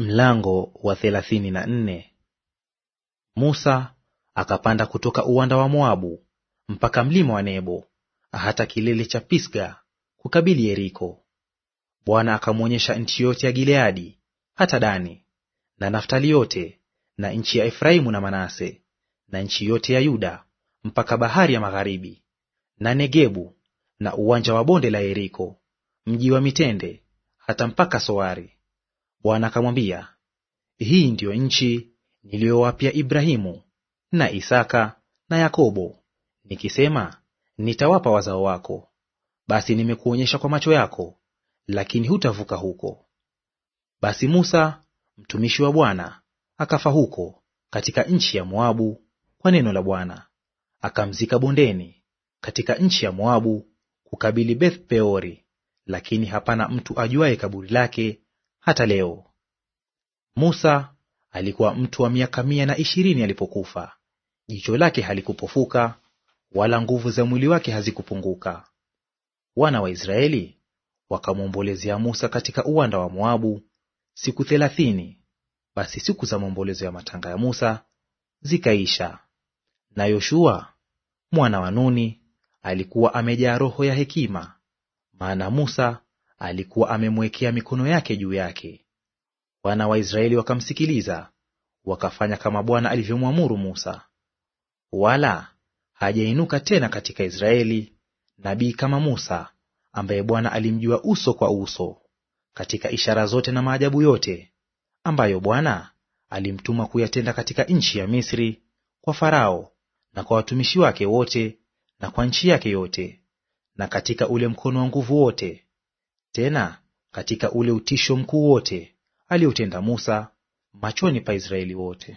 Mlango wa thelathini na nne. Musa akapanda kutoka uwanda wa Moabu mpaka mlima wa Nebo hata kilele cha Pisga kukabili Yeriko. Bwana akamwonyesha nchi yote ya Gileadi hata Dani na Naftali yote na nchi ya Efraimu na Manase na nchi yote ya Yuda mpaka bahari ya magharibi na Negebu na uwanja wa bonde la Yeriko, mji wa mitende hata mpaka Soari. Bwana akamwambia, hii ndiyo nchi niliyowapia Ibrahimu na Isaka na Yakobo, nikisema nitawapa wazao wako. Basi nimekuonyesha kwa macho yako, lakini hutavuka huko. Basi Musa mtumishi wa Bwana akafa huko katika nchi ya Moabu kwa neno la Bwana. Akamzika bondeni katika nchi ya Moabu kukabili Beth Peori, lakini hapana mtu ajuaye kaburi lake hata leo. Musa alikuwa mtu wa miaka mia na ishirini alipokufa, jicho lake halikupofuka wala nguvu za mwili wake hazikupunguka. Wana wa Israeli wakamwombolezea Musa katika uwanda wa Moabu siku thelathini. Basi siku za maombolezo ya matanga ya Musa zikaisha. Na Yoshua mwana wa Nuni alikuwa amejaa roho ya hekima, maana Musa alikuwa amemwekea mikono yake juu yake. Wana wa Israeli wakamsikiliza, wakafanya kama Bwana alivyomwamuru Musa. Wala hajainuka tena katika Israeli nabii kama Musa, ambaye Bwana alimjua uso kwa uso katika ishara zote na maajabu yote ambayo Bwana alimtuma kuyatenda katika nchi ya Misri kwa Farao na kwa watumishi wake wote na kwa nchi yake yote na katika ule mkono wa nguvu wote tena katika ule utisho mkuu wote aliotenda Musa machoni pa Israeli wote.